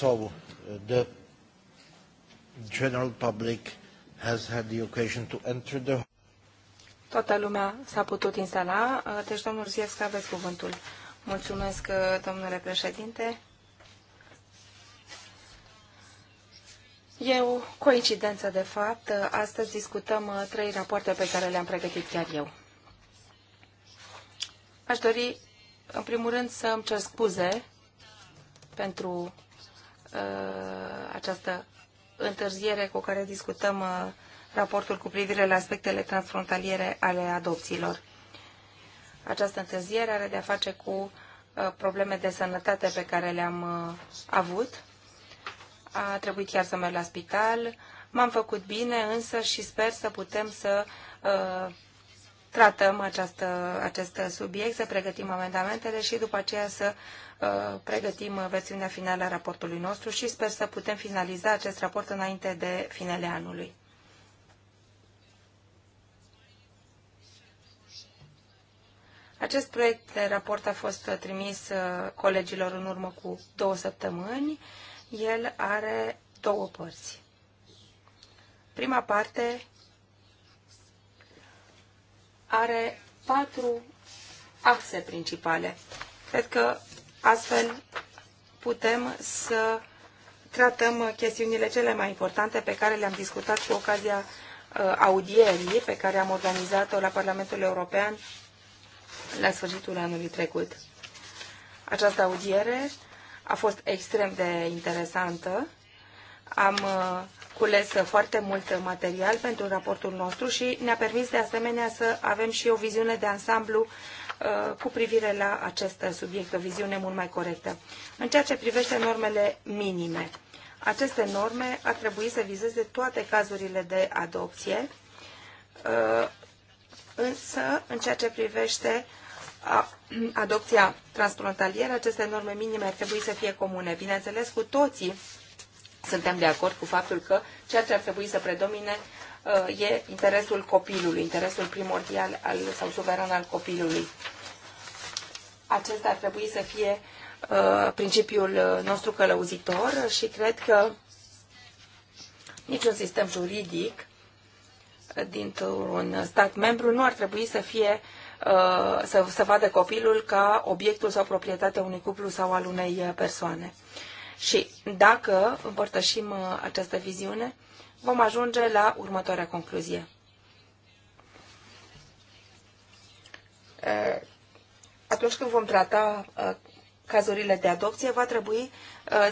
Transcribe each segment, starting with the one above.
so uh, the general public has had the occasion to enter the Toată lumea s-a putut instala, uh, deci domnul Ziescu aveți cuvântul. Mulțumesc, uh, domnule președinte. E o coincidență, de fapt. Astăzi discutăm trei rapoarte pe care le-am pregătit chiar eu. Aș dori, în primul rând, să îmi cer scuze pentru Uh, această întârziere cu care discutăm uh, raportul cu privire la aspectele transfrontaliere ale adopțiilor. Această întârziere are de-a face cu uh, probleme de sănătate pe care le-am avut. A trebuit chiar să merg la spital. M-am făcut bine însă și sper să putem să tratăm această, acest subiect, să pregătim amendamentele și după aceea să uh, pregătim versiunea finală a raportului nostru și sper să putem finaliza acest raport înainte de finele anului. Acest proiect de raport a fost trimis uh, colegilor în urmă cu două săptămâni. El are două părți. Prima parte are patru axe principale. Cred că astfel putem să tratăm chestiunile cele mai importante pe care le-am discutat cu ocazia uh, audierii pe care am organizat-o la Parlamentul European la sfârșitul anului trecut. Această audiere a fost extrem de interesantă. Am uh, cules foarte mult material pentru raportul nostru și ne-a permis de asemenea să avem și o viziune de ansamblu uh, cu privire la acest subiect, o viziune mult mai corectă. În ceea ce privește normele minime, aceste norme ar trebui să vizeze toate cazurile de adopție, uh, însă în ceea ce privește adopția transfrontalieră, aceste norme minime ar trebui să fie comune. Bineînțeles, cu toții suntem de acord cu faptul că ceea ce ar trebui să predomine uh, e interesul copilului, interesul primordial al, sau suveran al copilului. Acesta ar trebui să fie uh, principiul uh, nostru călăuzitor și cred că niciun sistem juridic dintr-un stat membru nu ar trebui să fie să, să vadă copilul ca obiectul sau proprietatea unui cuplu sau al unei persoane. Și dacă împărtășim uh, această viziune, vom ajunge la următoarea concluzie. Uh, atunci când vom trata uh, cazurile de adopție, va trebui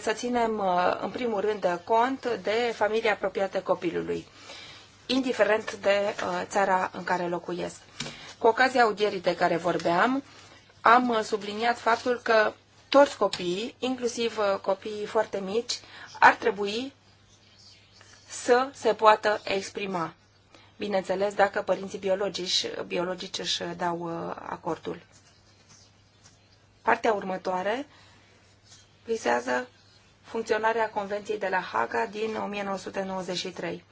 să ținem în primul rând cont de familia apropiată copilului, indiferent de țara în care locuiesc. Cu ocazia audierii de care vorbeam, am subliniat faptul că toți copiii, inclusiv uh, copiii foarte mici, ar trebui să se poată exprima. Bineînțeles, dacă părinții biologici, biologici își dau uh, acordul. Partea următoare visează funcționarea Convenției de la Haga din 1993.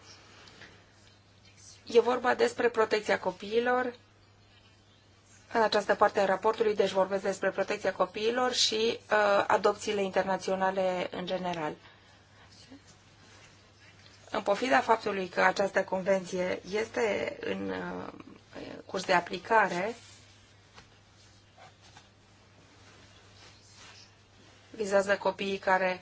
E vorba despre protecția copiilor, în această parte a raportului, deci vorbesc despre protecția copiilor și uh, adopțiile internaționale în general. În pofida faptului că această convenție este în uh, curs de aplicare, vizează copiii care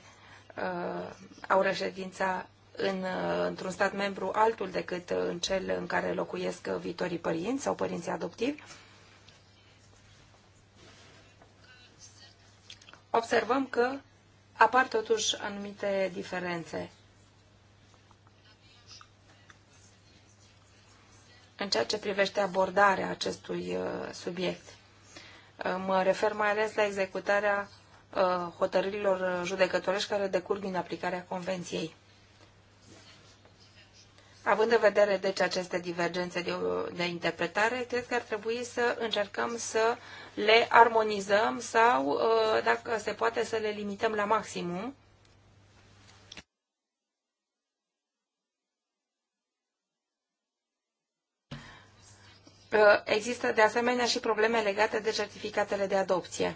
uh, au reședința în, uh, într-un stat membru altul decât uh, în cel în care locuiesc uh, viitorii părinți sau părinții adoptivi. observăm că apar totuși anumite diferențe. în ceea ce privește abordarea acestui uh, subiect. Uh, mă refer mai ales la executarea uh, hotărârilor judecătorești care decurg din aplicarea Convenției. Având în vedere, deci, aceste divergențe de, de interpretare, cred că ar trebui să încercăm să uh, le armonizăm sau, uh, dacă se poate, să le limităm la maximum. Uh, există de asemenea și probleme legate de certificatele de adopție.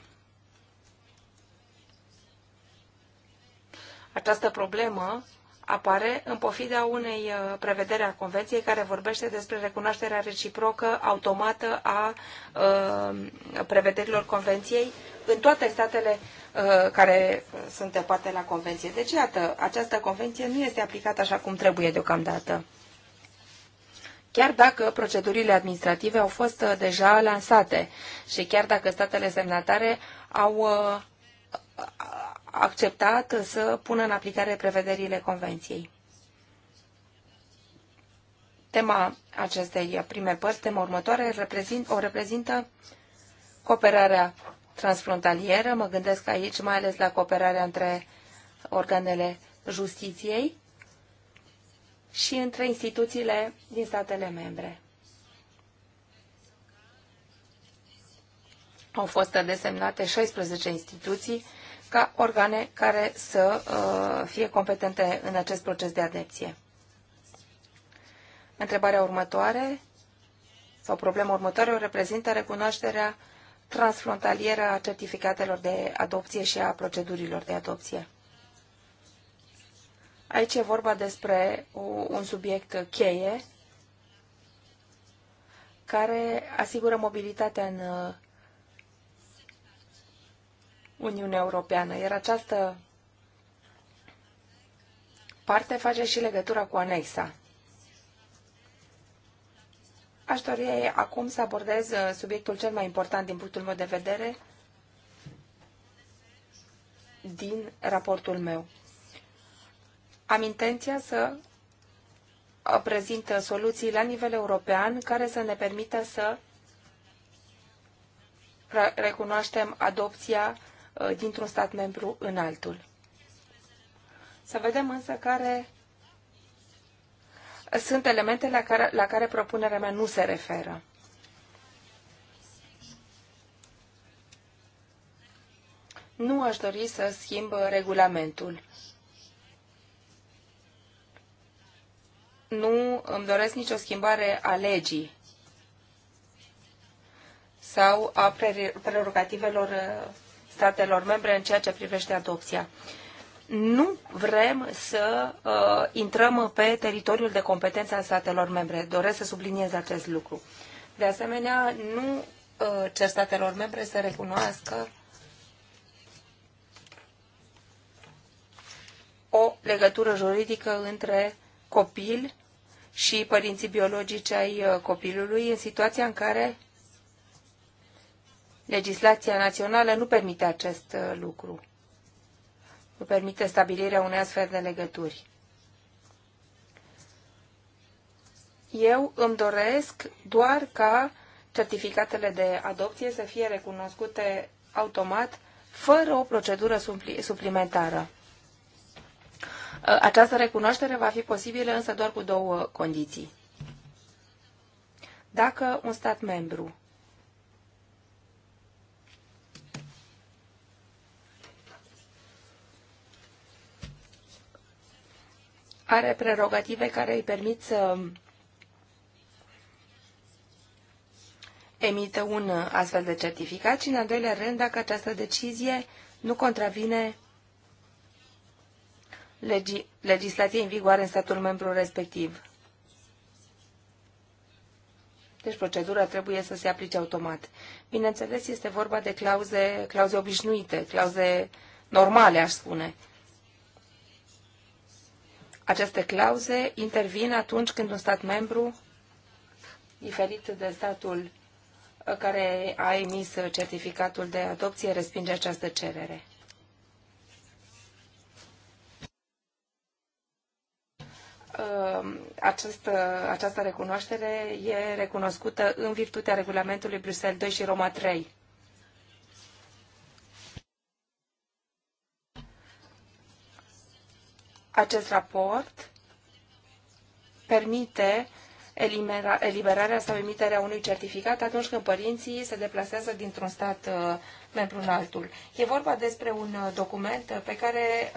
Această problemă apare în pofida unei uh, prevedere a Convenției care vorbește despre recunoașterea reciprocă automată a uh, prevederilor Convenției în toate statele uh, care sunt parte la Convenție. Deci, iată, această Convenție nu este aplicată așa cum trebuie deocamdată. Chiar dacă procedurile administrative au fost deja lansate și chiar dacă statele semnatare au acceptat să pună în aplicare prevederile Convenției. Tema acestei prime părți, tema următoare, reprezint, o reprezintă cooperarea transfrontalieră. Mă gândesc aici mai ales la cooperarea între organele justiției și între instituțiile din statele membre. Au fost desemnate 16 instituții ca organe care să uh, fie competente în acest proces de adepție. Întrebarea următoare sau problema următoare o reprezintă recunoașterea transfrontalieră a certificatelor de adopție și a procedurilor de adopție. Aici e vorba despre un subiect cheie care asigură mobilitatea în uh, Uniunea Europeană, iar această parte face și legătura cu anexa. Aș dori acum să abordez uh, subiectul cel mai important din punctul meu de vedere din raportul meu. Am intenția să uh, prezint uh, soluții la nivel european care să ne permită să recunoaștem adopția Uh, dintr-un stat membru în altul. Să vedem însă care sunt elementele la care, la care propunerea mea nu se referă. Nu aș dori să schimb regulamentul. Nu îmi doresc nicio schimbare a legii sau a prerogativelor uh, statelor membre în ceea ce privește adopția. Nu vrem să uh, intrăm pe teritoriul de competență al statelor membre. Doresc să subliniez acest lucru. De asemenea, nu uh, cer statelor membre să recunoască o legătură juridică între copil și părinții biologici ai uh, copilului în situația în care Legislația națională nu permite acest uh, lucru. Nu permite stabilirea unei astfel de legături. Eu îmi doresc doar ca certificatele de adopție să fie recunoscute automat, fără o procedură suplimentară. Această recunoaștere va fi posibilă însă doar cu două condiții. Dacă un stat membru are prerogative care îi permit să emită un astfel de certificat și, în al doilea rând, dacă această decizie nu contravine legi legislației în vigoare în statul membru respectiv. Deci procedura trebuie să se aplice automat. Bineînțeles, este vorba de clauze, clauze obișnuite, clauze normale, aș spune, aceste clauze intervin atunci când un stat membru, diferit de statul uh, care a emis uh, certificatul de adopție, respinge această cerere. Uh, această, această recunoaștere e recunoscută în virtutea regulamentului Bruxelles 2 și Roma 3. acest raport permite eliberarea sau emiterea unui certificat atunci când părinții se deplasează dintr-un stat uh, membru în altul. E vorba despre un uh, document uh, pe care,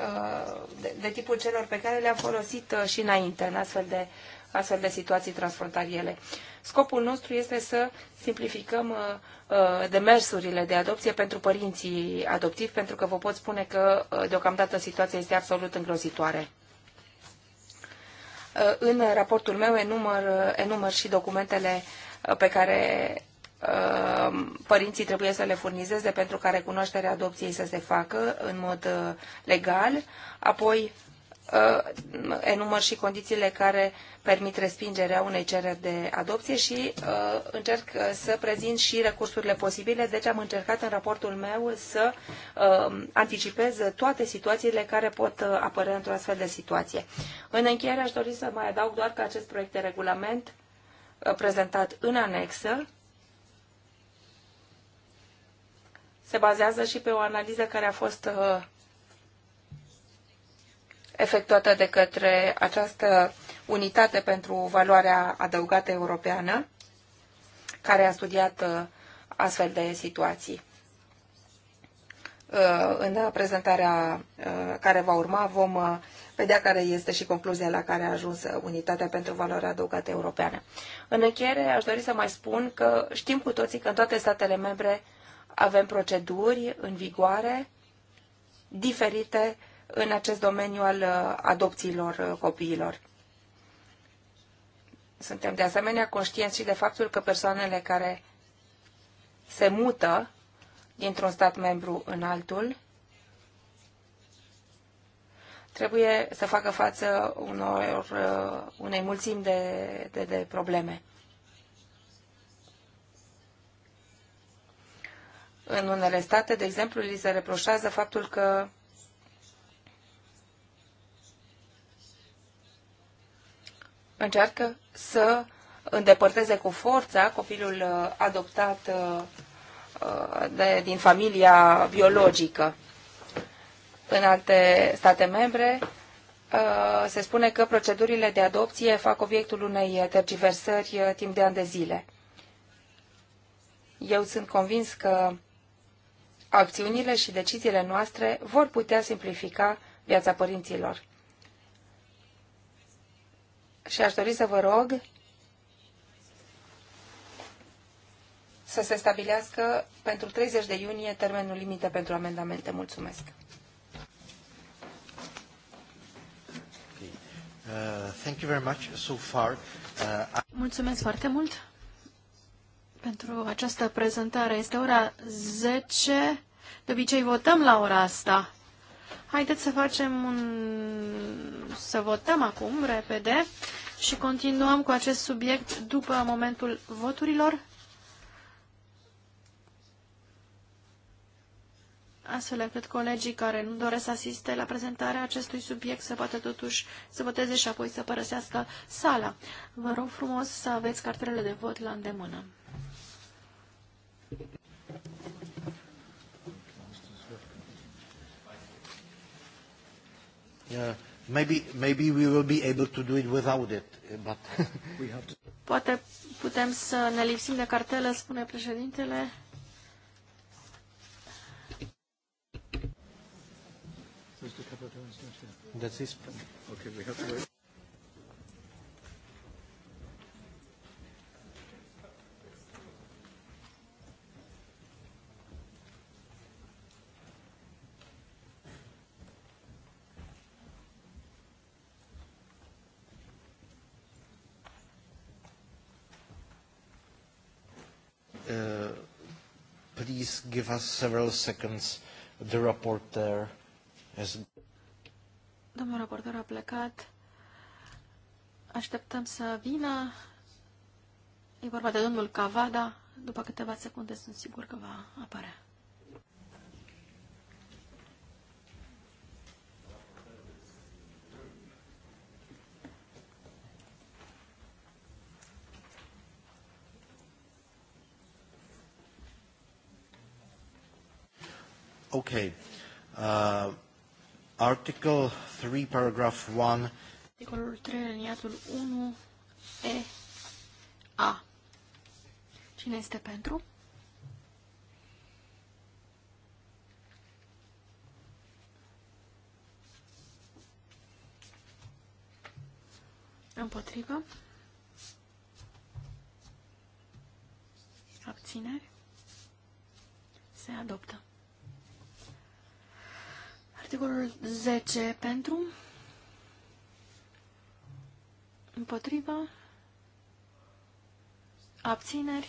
de tipul celor pe care le-am folosit și înainte în astfel de astfel de situații transfrontaliere. Scopul nostru este să simplificăm uh, uh, demersurile de adopție pentru părinții adoptivi, pentru că vă pot spune că uh, deocamdată situația este absolut îngrozitoare. În raportul meu enumăr, enumăr și documentele pe care părinții trebuie să le furnizeze pentru ca recunoașterea adopției să se facă în mod legal. Apoi Uh, enumăr și condițiile care permit respingerea unei cereri de adopție și uh, încerc uh, să prezint și recursurile posibile. Deci am încercat în raportul meu să anticipez toate situațiile care pot apărea într-o astfel de situație. În încheiere aș dori să mai adaug doar că acest proiect de regulament prezentat în anexă se bazează și pe o analiză care a fost efectuată de către această unitate pentru valoarea adăugată europeană, care a studiat uh, astfel de situații. Uh, în prezentarea uh, care va urma vom vedea care este și concluzia la care a ajuns Unitatea pentru Valoarea Adăugată Europeană. În încheiere aș dori să mai spun că știm cu toții că în toate statele membre avem proceduri în vigoare diferite în acest domeniu al uh, adopțiilor uh, copiilor. Suntem de asemenea conștienți și de faptul că persoanele care se mută dintr-un stat membru în altul trebuie să facă față unor, uh, unei mulțimi de, de, de probleme. În unele state, de exemplu, li se reproșează faptul că încearcă să îndepărteze cu forța copilul uh, adoptat uh, uh, de, din familia biologică. În alte state membre se spune că procedurile de adopție fac obiectul unei tergiversări timp de ani de zile. Eu sunt convins că acțiunile și deciziile noastre vor putea simplifica viața părinților și aș dori să vă rog să se stabilească pentru 30 de iunie termenul limită pentru amendamente. Mulțumesc. Uh, thank you very much so far. Uh, Mulțumesc foarte mult pentru această prezentare. Este ora 10. De obicei votăm la ora asta. Haideți să facem un să votăm acum, repede, și continuăm cu acest subiect după momentul voturilor. astfel încât colegii care nu doresc să asiste la prezentarea acestui subiect să poată totuși să voteze și apoi să părăsească sala. Vă rog frumos să aveți cartelele de vot la îndemână. Yeah. Maybe, maybe we will be able to do it without it, but we have to... Poate putem să ne lipsim de cartelă, spune președintele. That's his. Okay, we have to wait. please give us several seconds. The reporter has... Domnul raportor a plecat. Așteptăm să vină. E vorba de domnul Cavada. După câteva secunde sunt sigur că va apărea. Okay. Uh, article 3, paragraph 1. Articolul 3, aliniatul 1, E, A. Cine este pentru? Împotrivă. Abțineri. Se adoptă. Articolul 10 pentru, împotriva, abțineri,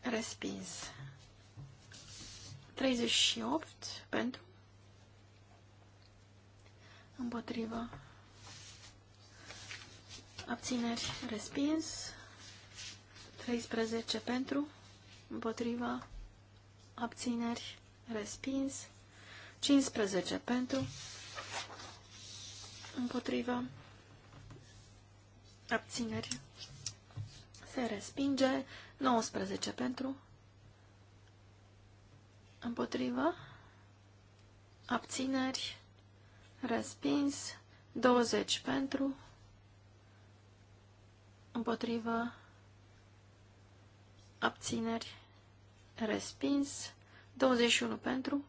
respins. 38 pentru, împotriva, abțineri, respins. 13 pentru, împotriva, abțineri, respins, 15 pentru, împotrivă, abțineri, se respinge, 19 pentru, împotrivă, abțineri, respins, 20 pentru, împotrivă, abțineri, respins, 21 pentru,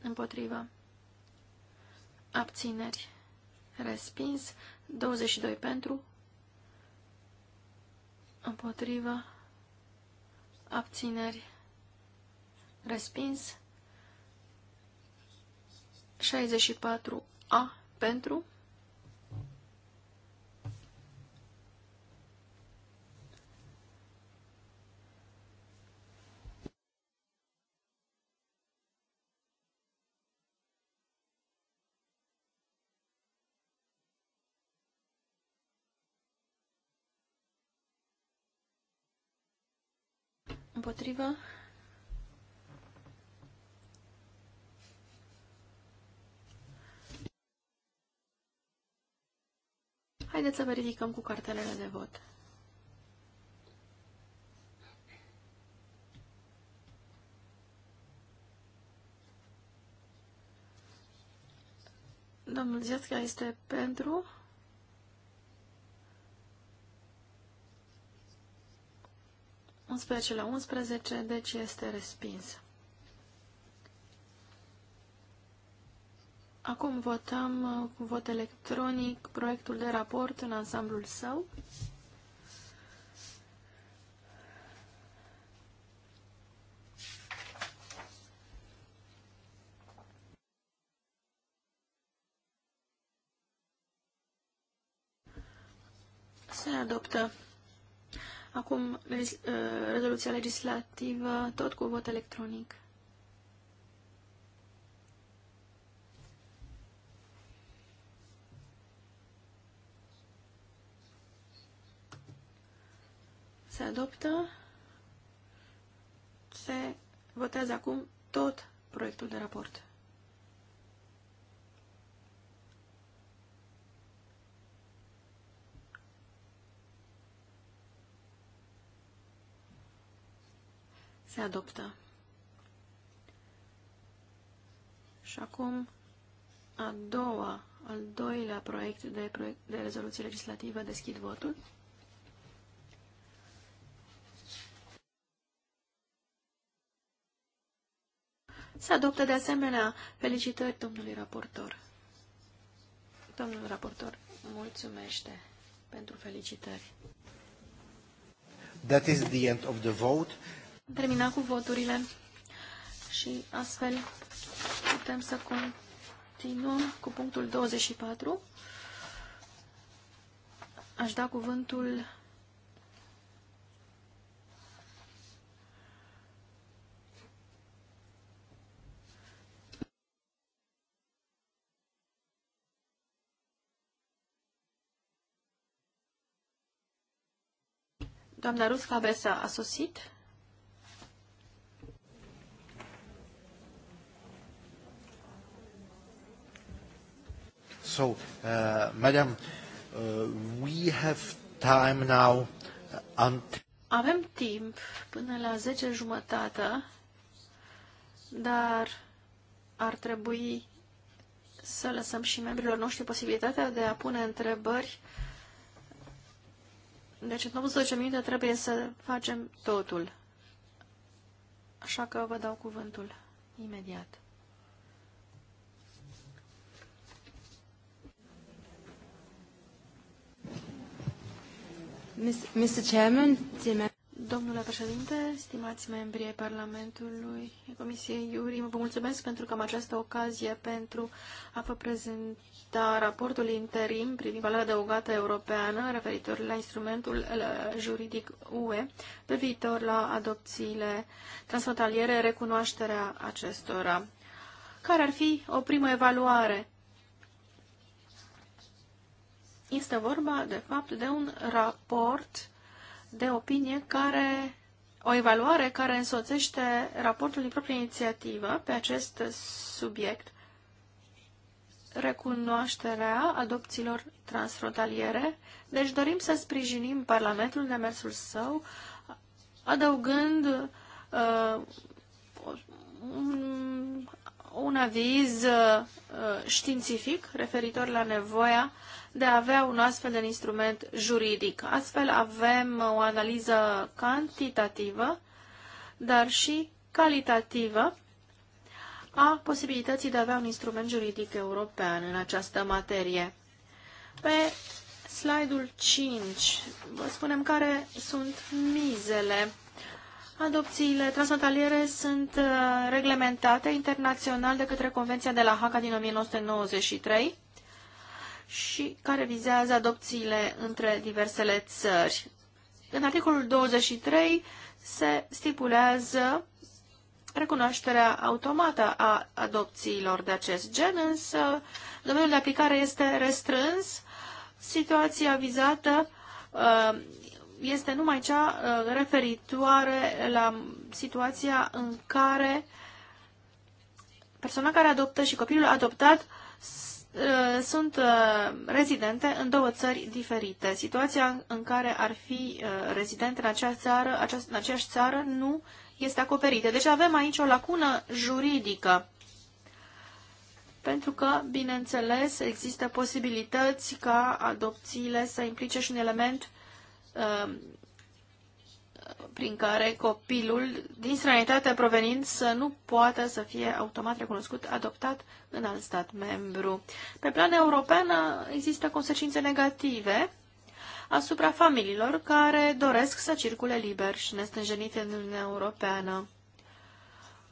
împotrivă, abțineri, respins, 22 pentru, împotrivă, abțineri, respins, 64 A pentru, Împotrivă. Haideți să verificăm cu cartelele de vot. Domnul Ziasca este pentru. 11 la 11, deci este respins. Acum votăm uh, cu vot electronic proiectul de raport în ansamblul său. Uh, rezoluția legislativă tot cu vot electronic. Se adoptă. Se votează acum tot proiectul de raport. Se adoptă. Și acum a doua, al doilea proiect de, proiect de rezoluție legislativă. Deschid votul. Se adoptă de asemenea felicitări domnului raportor. Domnul raportor mulțumește pentru felicitări. That is the end of the vote termina cu voturile și astfel putem să continuăm cu punctul 24. Aș da cuvântul Doamna Rusca Besa a sosit. So, uh, madam, uh, we have time now uh, until... Avem timp până la 10 jumătate, dar ar trebui să lăsăm și membrilor noștri posibilitatea de a pune întrebări. Deci în 18 minute trebuie să facem totul. Așa că vă dau cuvântul imediat. Mr. Chairman, Domnule președinte, stimați membri ai Parlamentului, Comisiei Iuri, vă mulțumesc pentru că am această ocazie pentru a vă prezenta raportul interim privind valoarea adăugată europeană referitor la instrumentul juridic UE pe viitor la adopțiile transfrontaliere, recunoașterea acestora. Care ar fi o primă evaluare este vorba, de fapt, de un raport de opinie care, o evaluare care însoțește raportul din proprie inițiativă pe acest subiect, recunoașterea adopțiilor transfrontaliere. Deci dorim să sprijinim Parlamentul în demersul său, adăugând uh, un aviz uh, uh, științific referitor la nevoia de a avea un astfel de instrument juridic. Astfel avem o analiză cantitativă, dar și calitativă a posibilității de a avea un instrument juridic european în această materie. Pe slide-ul 5 vă spunem care sunt mizele Adopțiile transfrontaliere sunt uh, reglementate internațional de către Convenția de la Haga din 1993 și care vizează adopțiile între diversele țări. În articolul 23 se stipulează recunoașterea automată a adopțiilor de acest gen, însă domeniul de aplicare este restrâns. Situația vizată uh, este numai cea uh, referitoare la situația în care persoana care adoptă și copilul adoptat uh, sunt uh, rezidente în două țări diferite. Situația în care ar fi rezident în acea țară, în aceeași țară nu este acoperită. Deci avem aici o lacună juridică. Pentru că, bineînțeles, există posibilități ca adopțiile să implice și un element Um, prin care copilul din străinătatea provenind să nu poată să fie automat recunoscut adoptat în alt stat membru. Pe plan european uh, există consecințe negative asupra familiilor care doresc să circule liber și nestânjenite în Uniunea Europeană.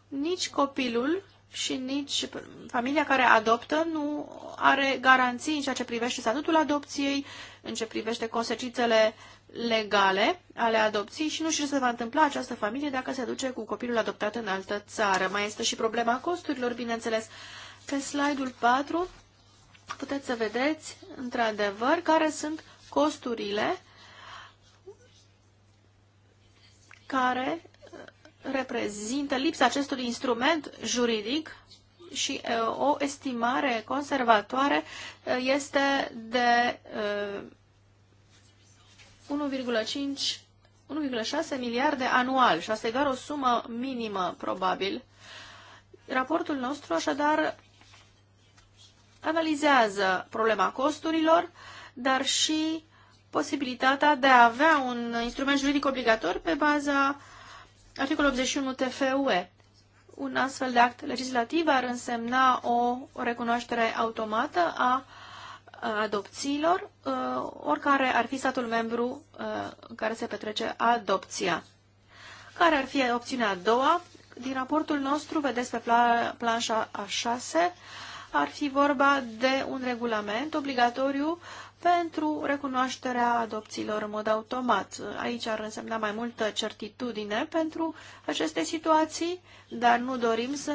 Nici copilul și nici familia care adoptă nu are garanții în ceea ce privește statutul adopției, în ce privește consecințele legale ale adopției și nu știu ce se va întâmpla această familie dacă se duce cu copilul adoptat în altă țară. Mai este și problema costurilor, bineînțeles. Pe slide-ul 4 puteți să vedeți, într-adevăr, care sunt costurile care reprezintă lipsa acestui instrument juridic și o estimare conservatoare este de 1,5 1,6 miliarde anual și asta e doar o sumă minimă, probabil. Raportul nostru, așadar, analizează problema costurilor, dar și posibilitatea de a avea un instrument juridic obligator pe baza Articolul 81 TFUE. Un astfel de act legislativ ar însemna o recunoaștere automată a adopțiilor, ă, oricare ar fi statul membru ă, în care se petrece adopția. Care ar fi opțiunea a doua? Din raportul nostru, vedeți pe planșa A6, ar fi vorba de un regulament obligatoriu pentru recunoașterea adopțiilor în mod automat. Aici ar însemna mai multă certitudine pentru aceste situații, dar nu dorim să,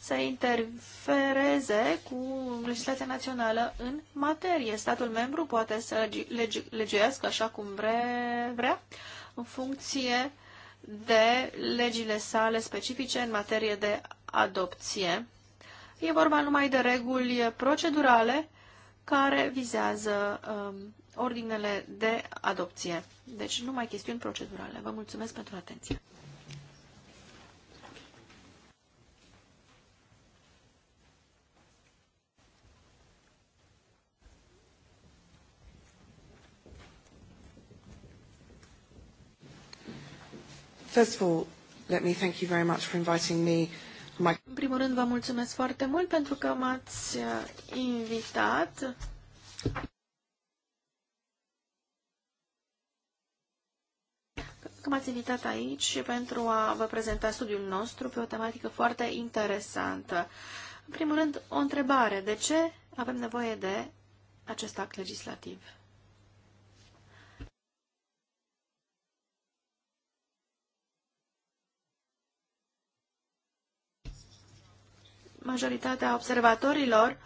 să interfereze cu legislația națională în materie. Statul membru poate să legească legiuiască așa cum vre, vrea, în funcție de legile sale specifice în materie de adopție. E vorba numai de reguli procedurale, care vizează uh, ordinele de adopție. Deci numai chestiuni procedurale. Vă mulțumesc pentru atenție. First of all, let me thank you very much for inviting me în primul rând, vă mulțumesc foarte mult pentru că m-ați uh, invitat. că m-ați invitat aici pentru a vă prezenta studiul nostru pe o tematică foarte interesantă. În primul rând, o întrebare. De ce avem nevoie de acest act legislativ? majoritatea observatorilor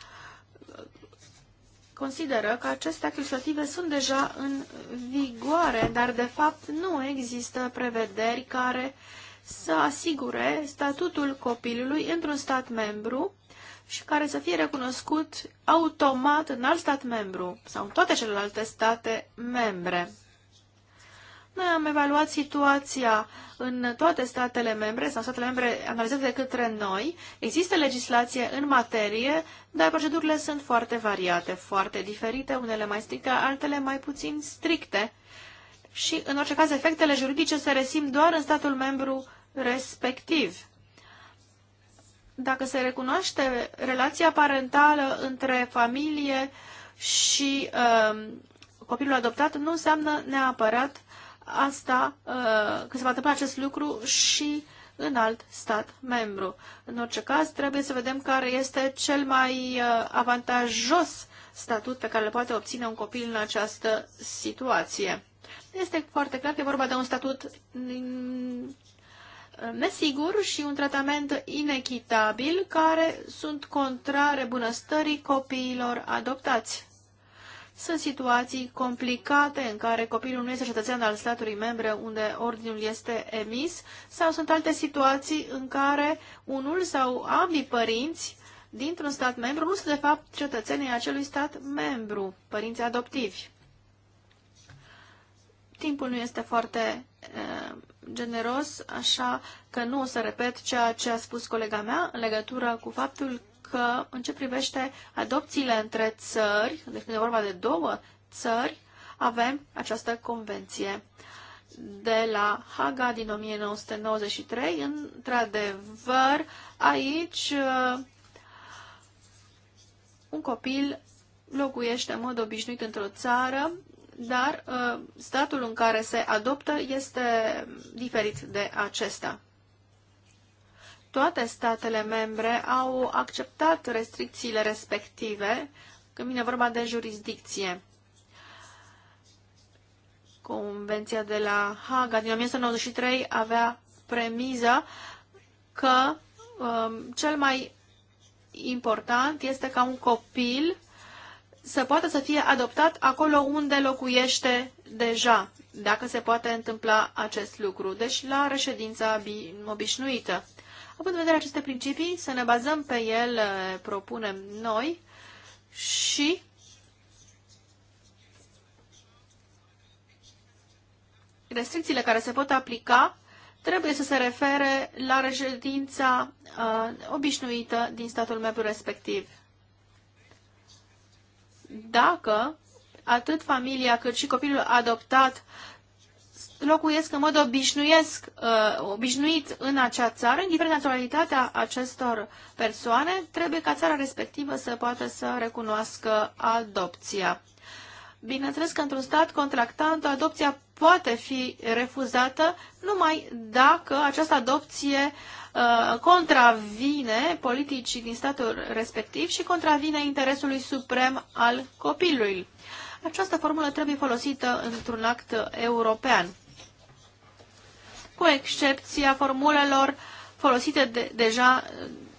consideră că aceste legislative sunt deja în vigoare, dar de fapt nu există prevederi care să asigure statutul copilului într-un stat membru și care să fie recunoscut automat în alt stat membru sau în toate celelalte state membre. Noi am evaluat situația în toate statele membre, sau statele membre analizate de către noi. Există legislație în materie, dar procedurile sunt foarte variate, foarte diferite, unele mai stricte, altele mai puțin stricte. Și, în orice caz, efectele juridice se resim doar în statul membru respectiv. Dacă se recunoaște relația parentală între familie și uh, copilul adoptat, nu înseamnă neapărat asta, uh, că se va întâmpla acest lucru și în alt stat membru. În orice caz, trebuie să vedem care este cel mai uh, avantajos statut pe care le poate obține un copil în această situație. Este foarte clar că e vorba de un statut mm, nesigur și un tratament inechitabil care sunt contrare bunăstării copiilor adoptați. Sunt situații complicate în care copilul nu este cetățean al statului membre unde ordinul este emis sau sunt alte situații în care unul sau ambii părinți dintr-un stat membru nu sunt de fapt cetățenii acelui stat membru, părinți adoptivi. Timpul nu este foarte generos, așa că nu o să repet ceea ce a spus colega mea în legătură cu faptul că în ce privește adopțiile între țări, deci când e vorba de două țări, avem această convenție de la Haga din 1993. Într-adevăr, aici uh, un copil locuiește în mod obișnuit într-o țară, dar uh, statul în care se adoptă este diferit de acesta toate statele membre au acceptat restricțiile respective când vine vorba de jurisdicție. Convenția de la Haga din 1993 avea premiza că um, cel mai important este ca un copil să poată să fie adoptat acolo unde locuiește deja, dacă se poate întâmpla acest lucru, deci la reședința obișnuită. Având în vedere aceste principii, să ne bazăm pe ele, propunem noi și restricțiile care se pot aplica trebuie să se refere la reședința uh, obișnuită din statul membru respectiv. Dacă atât familia cât și copilul adoptat locuiesc în mod obișnuiesc, uh, obișnuit în acea țară, indiferent naționalitatea acestor persoane, trebuie ca țara respectivă să poată să recunoască adopția. Bineînțeles că într-un stat contractant, adopția poate fi refuzată numai dacă această adopție uh, contravine politicii din statul respectiv și contravine interesului suprem al copilului. Această formulă trebuie folosită într-un act european cu excepția formulelor folosite de, deja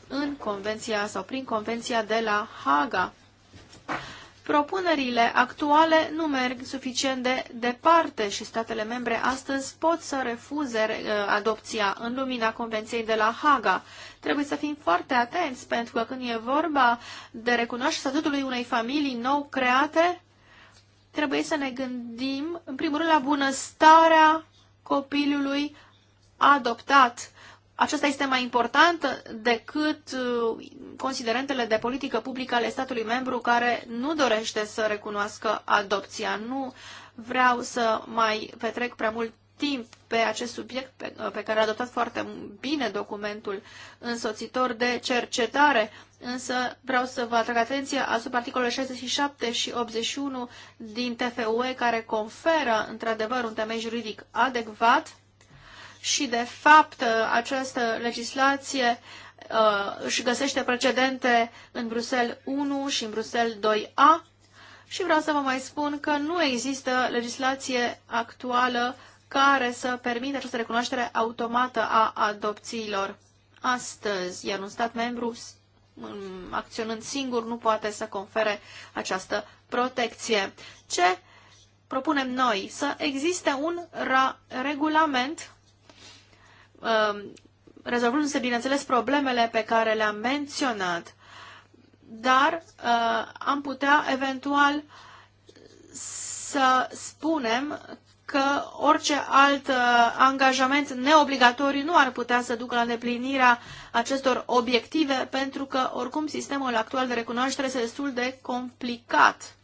în convenția sau prin convenția de la Haga. Propunerile actuale nu merg suficient de departe și statele membre astăzi pot să refuze uh, adopția în lumina Convenției de la Haga. Trebuie să fim foarte atenți pentru că când e vorba de recunoașterea statutului unei familii nou create, trebuie să ne gândim în primul rând la bunăstarea copilului adoptat. acesta este mai important decât uh, considerentele de politică publică ale statului membru care nu dorește să recunoască adopția. Nu vreau să mai petrec prea mult timp pe acest subiect pe, pe care a adoptat foarte bine documentul însoțitor de cercetare, însă vreau să vă atrag atenția asupra articolelor 67 și 81 din TFUE care conferă într-adevăr un temei juridic adecvat și de fapt această legislație uh, își găsește precedente în Bruxelles 1 și în Bruxelles 2A și vreau să vă mai spun că nu există legislație actuală care să permită această recunoaștere automată a adopțiilor. Astăzi, iar un stat membru, acționând singur, nu poate să confere această protecție. Ce propunem noi? Să existe un regulament um, rezolvându-se, bineînțeles, problemele pe care le-am menționat, dar uh, am putea eventual să spunem că orice alt uh, angajament neobligatoriu nu ar putea să ducă la îndeplinirea acestor obiective, pentru că, oricum, sistemul actual de recunoaștere este destul de complicat.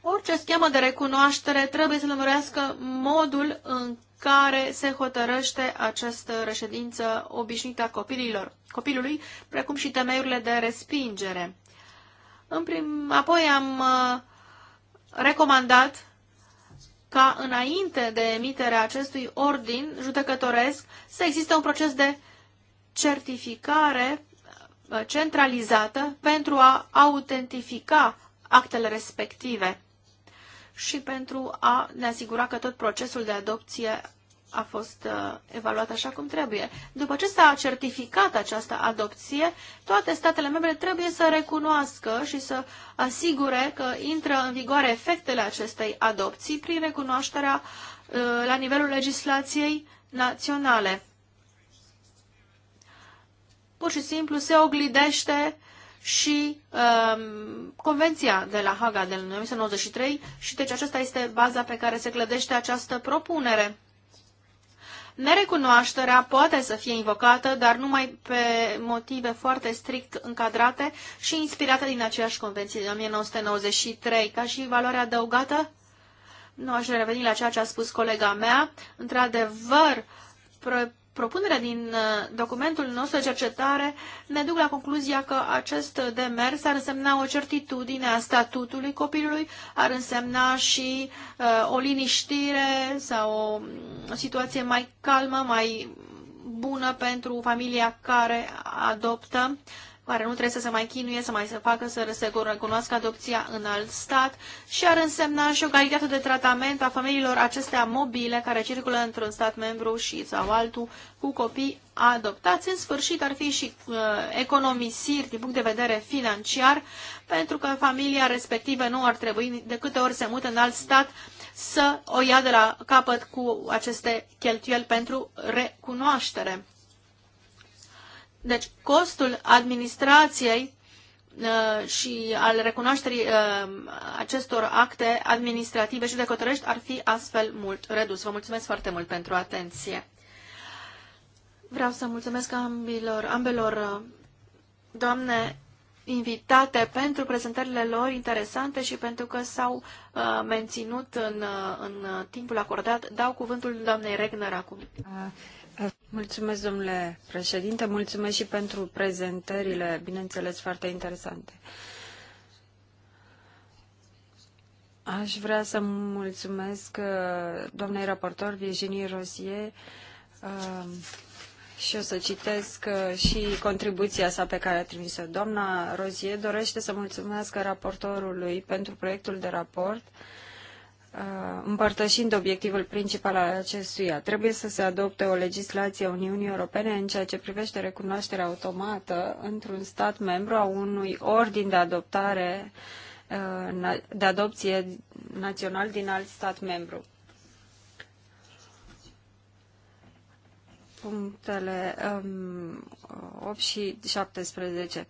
Orice schemă de recunoaștere trebuie să lămurească modul în care se hotărăște această reședință obișnuită a copililor, copilului, precum și temeiurile de respingere. În prim, apoi am uh, recomandat ca înainte de emiterea acestui ordin judecătoresc să existe un proces de certificare uh, centralizată pentru a autentifica actele respective și pentru a ne asigura că tot procesul de adopție a fost uh, evaluată așa cum trebuie. După ce s-a certificat această adopție, toate statele membre trebuie să recunoască și să asigure că intră în vigoare efectele acestei adopții prin recunoașterea uh, la nivelul legislației naționale. Pur și simplu se oglidește și um, Convenția de la Haga din 1993 și deci aceasta este baza pe care se clădește această propunere. Nerecunoașterea poate să fie invocată, dar numai pe motive foarte strict încadrate și inspirate din aceeași convenție din 1993, ca și valoarea adăugată. Nu aș reveni la ceea ce a spus colega mea. Într-adevăr, propunerea din uh, documentul nostru de cercetare ne duc la concluzia că acest demers ar însemna o certitudine a statutului copilului, ar însemna și uh, o liniștire sau o, mm, o situație mai calmă, mai bună pentru familia care adoptă care nu trebuie să se mai chinuie, să mai se facă, să se recunoască adopția în alt stat și ar însemna și o calitate de tratament a familiilor acestea mobile care circulă într-un stat membru și sau altul cu copii adoptați. În sfârșit ar fi și uh, economisiri din punct de vedere financiar, pentru că familia respectivă nu ar trebui de câte ori se mută în alt stat să o ia de la capăt cu aceste cheltuieli pentru recunoaștere. Deci costul administrației uh, și al recunoașterii uh, acestor acte administrative și de cotărești ar fi astfel mult redus. Vă mulțumesc foarte mult pentru atenție. Vreau să mulțumesc ambilor, ambelor uh, doamne invitate pentru prezentările lor interesante și pentru că s-au menținut în, în timpul acordat. Dau cuvântul doamnei Regner acum. Mulțumesc, domnule președinte, mulțumesc și pentru prezentările, bineînțeles, foarte interesante. Aș vrea să mulțumesc uh, doamnei raportor Virginie Rosie uh, și o să citesc uh, și contribuția sa pe care a trimis-o. Doamna Rozie dorește să mulțumească raportorului pentru proiectul de raport Uh, împărtășind obiectivul principal al acestuia. Trebuie să se adopte o legislație a Uniunii Europene în ceea ce privește recunoașterea automată într-un stat membru a unui ordin de adoptare uh, de adopție național din alt stat membru. Punctele um, 8 și 17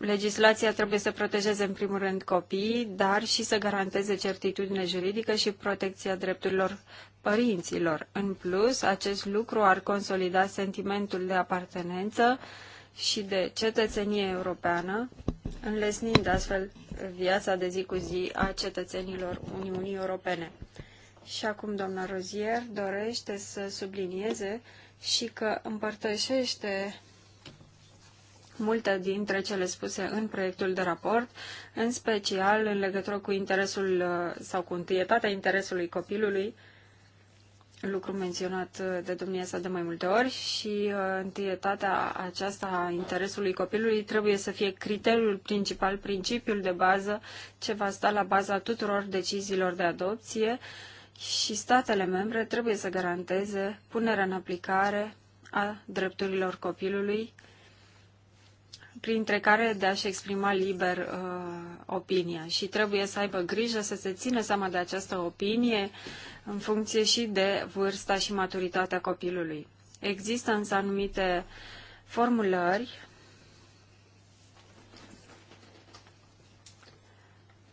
legislația trebuie să protejeze în primul rând copiii, dar și să garanteze certitudine juridică și protecția drepturilor părinților. În plus, acest lucru ar consolida sentimentul de apartenență și de cetățenie europeană, înlesnind astfel viața de zi cu zi a cetățenilor Uniunii Europene. Și acum doamna Rozier dorește să sublinieze și că împărtășește multe dintre cele spuse în proiectul de raport, în special în legătură cu interesul uh, sau cu întâietatea interesului copilului, lucru menționat uh, de sa de mai multe ori și uh, întâietatea aceasta a interesului copilului trebuie să fie criteriul principal, principiul de bază ce va sta la baza tuturor deciziilor de adopție și statele membre trebuie să garanteze punerea în aplicare a drepturilor copilului printre care de a-și exprima liber uh, opinia și trebuie să aibă grijă să se țină seama de această opinie în funcție și de vârsta și maturitatea copilului. Există însă anumite formulări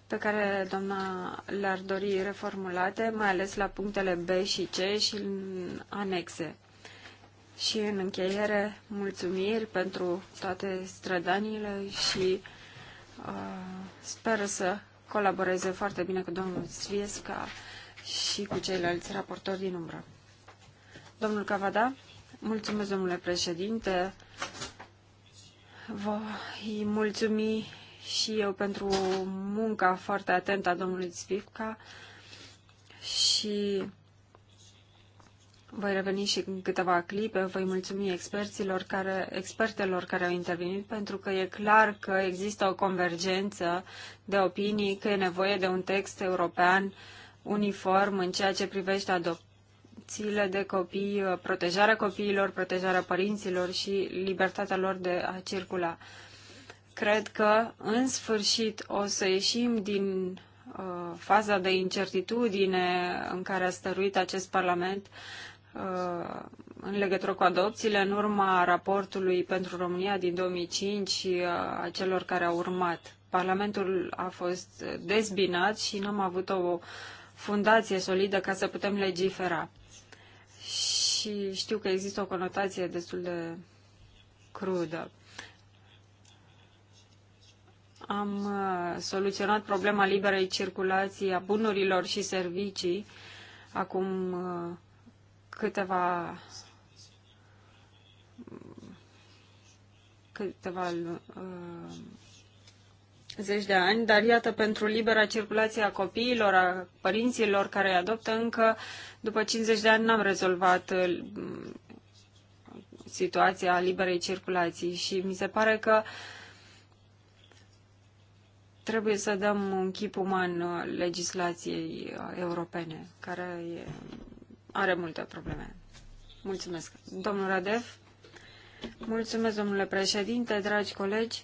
pe care doamna le-ar dori reformulate, mai ales la punctele B și C și în anexe. Și în încheiere, mulțumiri pentru toate strădaniile și uh, sper să colaboreze foarte bine cu domnul Sviesca și cu ceilalți raportori din umbră. Domnul Cavada, mulțumesc, domnule președinte. Vă mulțumi și eu pentru munca foarte atentă a domnului Sviesca și voi reveni și în câteva clipe, voi mulțumi experților care, expertelor care au intervenit, pentru că e clar că există o convergență de opinii, că e nevoie de un text european uniform în ceea ce privește adopțiile de copii, protejarea copiilor, protejarea părinților și libertatea lor de a circula. Cred că, în sfârșit, o să ieșim din uh, faza de incertitudine în care a stăruit acest Parlament Uh, în legătură cu adopțiile în urma raportului pentru România din 2005 și uh, a celor care au urmat. Parlamentul a fost dezbinat și n-am avut o fundație solidă ca să putem legifera. Și știu că există o conotație destul de crudă. Am uh, soluționat problema liberei circulații a bunurilor și servicii acum câteva câteva uh, zeci de ani, dar iată pentru libera circulație a copiilor, a părinților care îi adoptă încă, după 50 de ani n-am rezolvat uh, situația liberei circulații și mi se pare că trebuie să dăm un chip uman uh, legislației uh, europene, care e are multe probleme. Mulțumesc. Domnul Radev. Mulțumesc, domnule președinte, dragi colegi.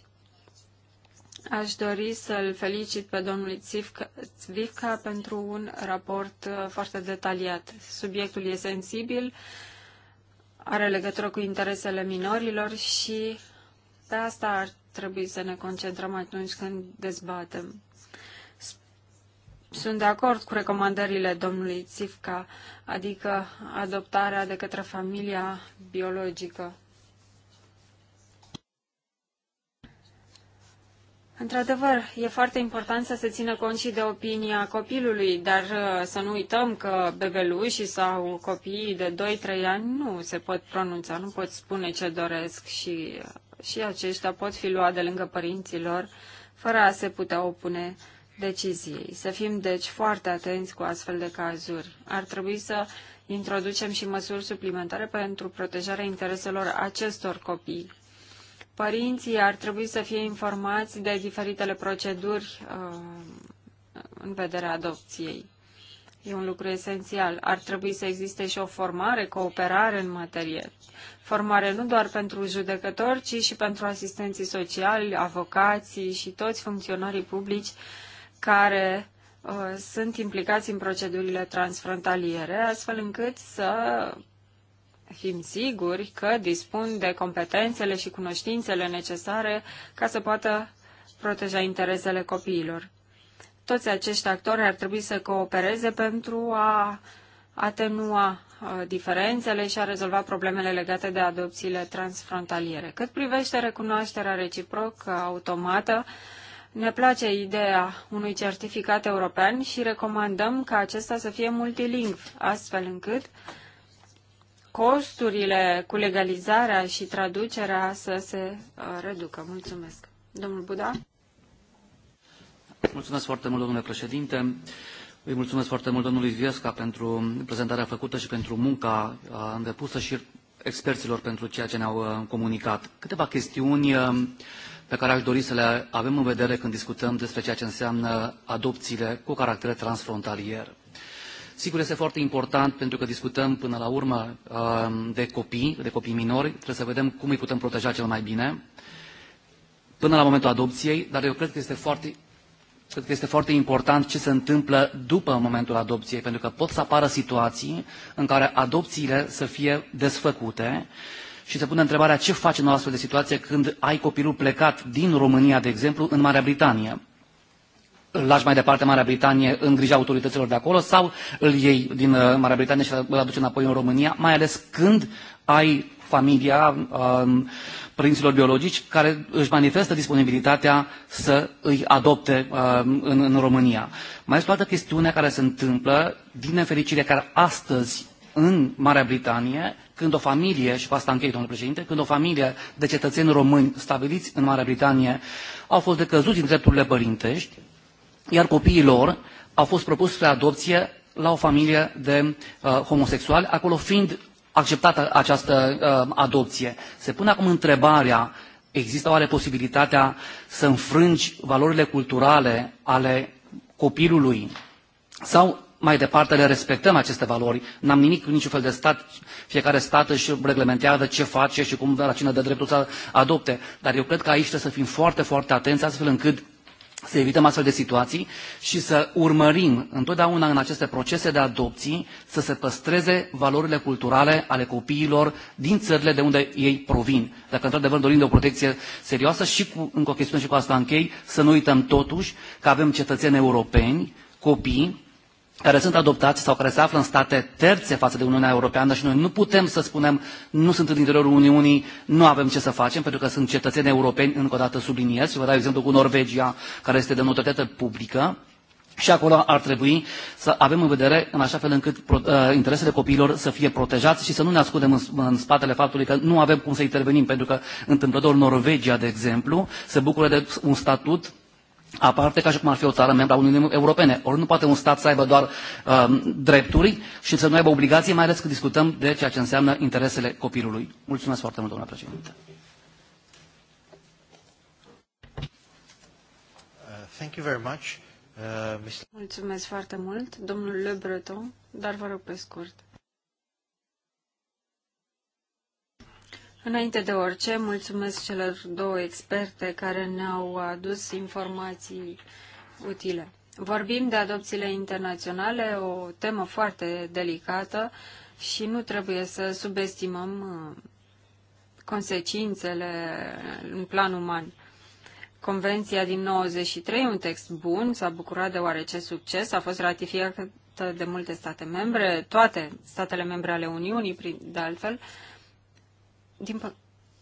Aș dori să-l felicit pe domnul Țivca pentru un raport uh, foarte detaliat. Subiectul e sensibil, are legătură cu interesele minorilor și pe asta ar trebui să ne concentrăm atunci când dezbatem sunt de acord cu recomandările domnului Țifca, adică adoptarea de către familia biologică. Într-adevăr, e foarte important să se țină cont și de opinia copilului, dar uh, să nu uităm că bebelușii sau copiii de 2-3 ani nu se pot pronunța, nu pot spune ce doresc și, uh, și aceștia pot fi luat de lângă părinților fără a se putea opune deciziei. Să fim, deci, foarte atenți cu astfel de cazuri. Ar trebui să introducem și măsuri suplimentare pentru protejarea intereselor acestor copii. Părinții ar trebui să fie informați de diferitele proceduri uh, în vederea adopției. E un lucru esențial. Ar trebui să existe și o formare, cooperare în materie. Formare nu doar pentru judecători, ci și pentru asistenții sociali, avocații și toți funcționarii publici care uh, sunt implicați în procedurile transfrontaliere, astfel încât să fim siguri că dispun de competențele și cunoștințele necesare ca să poată proteja interesele copiilor. Toți acești actori ar trebui să coopereze pentru a atenua uh, diferențele și a rezolva problemele legate de adopțiile transfrontaliere. Cât privește recunoașterea reciprocă automată, ne place ideea unui certificat european și recomandăm ca acesta să fie multilingv, astfel încât costurile cu legalizarea și traducerea să se uh, reducă. Mulțumesc. Domnul Buda? Mulțumesc foarte mult, domnule președinte. Îi mulțumesc foarte mult domnului Viesca pentru prezentarea făcută și pentru munca uh, depusă și experților pentru ceea ce ne-au uh, comunicat. Câteva chestiuni pe care aș dori să le avem în vedere când discutăm despre ceea ce înseamnă adopțiile cu caracter transfrontalier. Sigur, este foarte important pentru că discutăm până la urmă uh, de copii, de copii minori. Trebuie să vedem cum îi putem proteja cel mai bine până la momentul adopției, dar eu cred că este foarte, cred că este foarte important ce se întâmplă după momentul adopției, pentru că pot să apară situații în care adopțiile să fie desfăcute și se pune întrebarea ce face în o astfel de situație când ai copilul plecat din România, de exemplu, în Marea Britanie îl lași mai departe Marea Britanie în grija autorităților de acolo sau îl iei din uh, Marea Britanie și îl aduci înapoi în România, mai ales când ai familia um, părinților biologici care își manifestă disponibilitatea să îi adopte um, în, în România. Mai este o altă chestiune care se întâmplă, din nefericire, care astăzi în Marea Britanie când o familie, și cu asta închei, domnule președinte, când o familie de cetățeni români stabiliți în Marea Britanie au fost decăzuți în drepturile părintești, iar copiii lor au fost propus spre adopție la o familie de uh, homosexuali, acolo fiind acceptată această uh, adopție. Se pune acum întrebarea, există oare posibilitatea să înfrângi valorile culturale ale copilului sau mai departe le respectăm aceste valori. N-am nimic cu niciun fel de stat, fiecare stat își reglementează ce face și cum la cine de dreptul să adopte. Dar eu cred că aici trebuie să fim foarte, foarte atenți astfel încât să evităm astfel de situații și să urmărim întotdeauna în aceste procese de adopții să se păstreze valorile culturale ale copiilor din țările de unde ei provin. Dacă într-adevăr dorim de o protecție serioasă și cu, încă o chestiune și cu asta închei, să nu uităm totuși că avem cetățeni europeni, copii, care sunt adoptați sau care se află în state terțe față de Uniunea Europeană și noi nu putem să spunem nu sunt în interiorul Uniunii, nu avem ce să facem, pentru că sunt cetățeni europeni, încă o dată subliniez, și vă dau exemplu cu Norvegia, care este de notoritate publică, și acolo ar trebui să avem în vedere în așa fel încât pro, uh, interesele copiilor să fie protejați și să nu ne ascundem în, în spatele faptului că nu avem cum să intervenim, pentru că întâmplător Norvegia, de exemplu, se bucură de un statut aparte ca și cum ar fi o țară membra a Uniunii Europene. Ori nu poate un stat să aibă doar um, drepturi și să nu aibă obligații, mai ales când discutăm de ceea ce înseamnă interesele copilului. Mulțumesc foarte mult, domnule președinte. Uh, thank you very much. Uh, Mulțumesc foarte mult, domnul Le Breton, dar vă rog pe scurt. Înainte de orice, mulțumesc celor două experte care ne-au adus informații utile. Vorbim de adopțiile internaționale, o temă foarte delicată și nu trebuie să subestimăm uh, consecințele în plan uman. Convenția din 93, un text bun, s-a bucurat de oarece succes, a fost ratificată de multe state membre, toate statele membre ale Uniunii, de altfel, din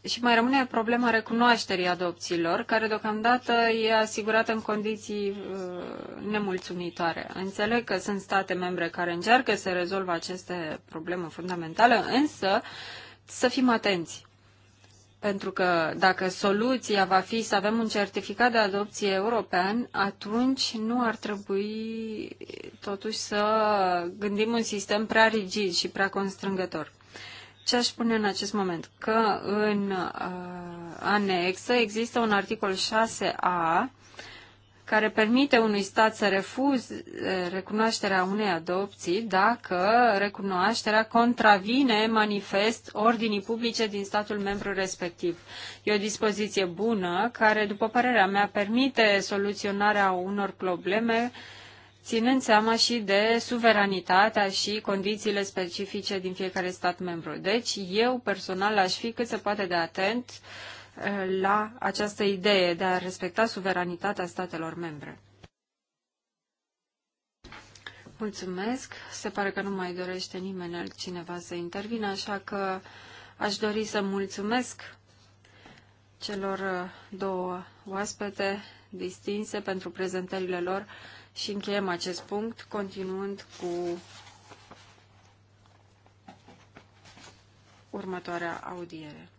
și mai rămâne problema recunoașterii adopțiilor, care deocamdată e asigurată în condiții uh, nemulțumitoare. Înțeleg că sunt state membre care încearcă să rezolvă aceste probleme fundamentale, însă să fim atenți. Pentru că dacă soluția va fi să avem un certificat de adopție european, atunci nu ar trebui totuși să gândim un sistem prea rigid și prea constrângător ce aș spune în acest moment? Că în uh, anexă există un articol 6a care permite unui stat să refuze uh, recunoașterea unei adopții dacă recunoașterea contravine manifest ordinii publice din statul membru respectiv. E o dispoziție bună care, după părerea mea, permite soluționarea unor probleme uh, ținând seama și de suveranitatea și condițiile specifice din fiecare stat membru. Deci, eu personal aș fi cât se poate de atent uh, la această idee de a respecta suveranitatea statelor membre. Mulțumesc. Se pare că nu mai dorește nimeni altcineva să intervină, așa că aș dori să mulțumesc celor două oaspete distinse pentru prezentările lor și încheiem acest punct continuând cu următoarea audiere.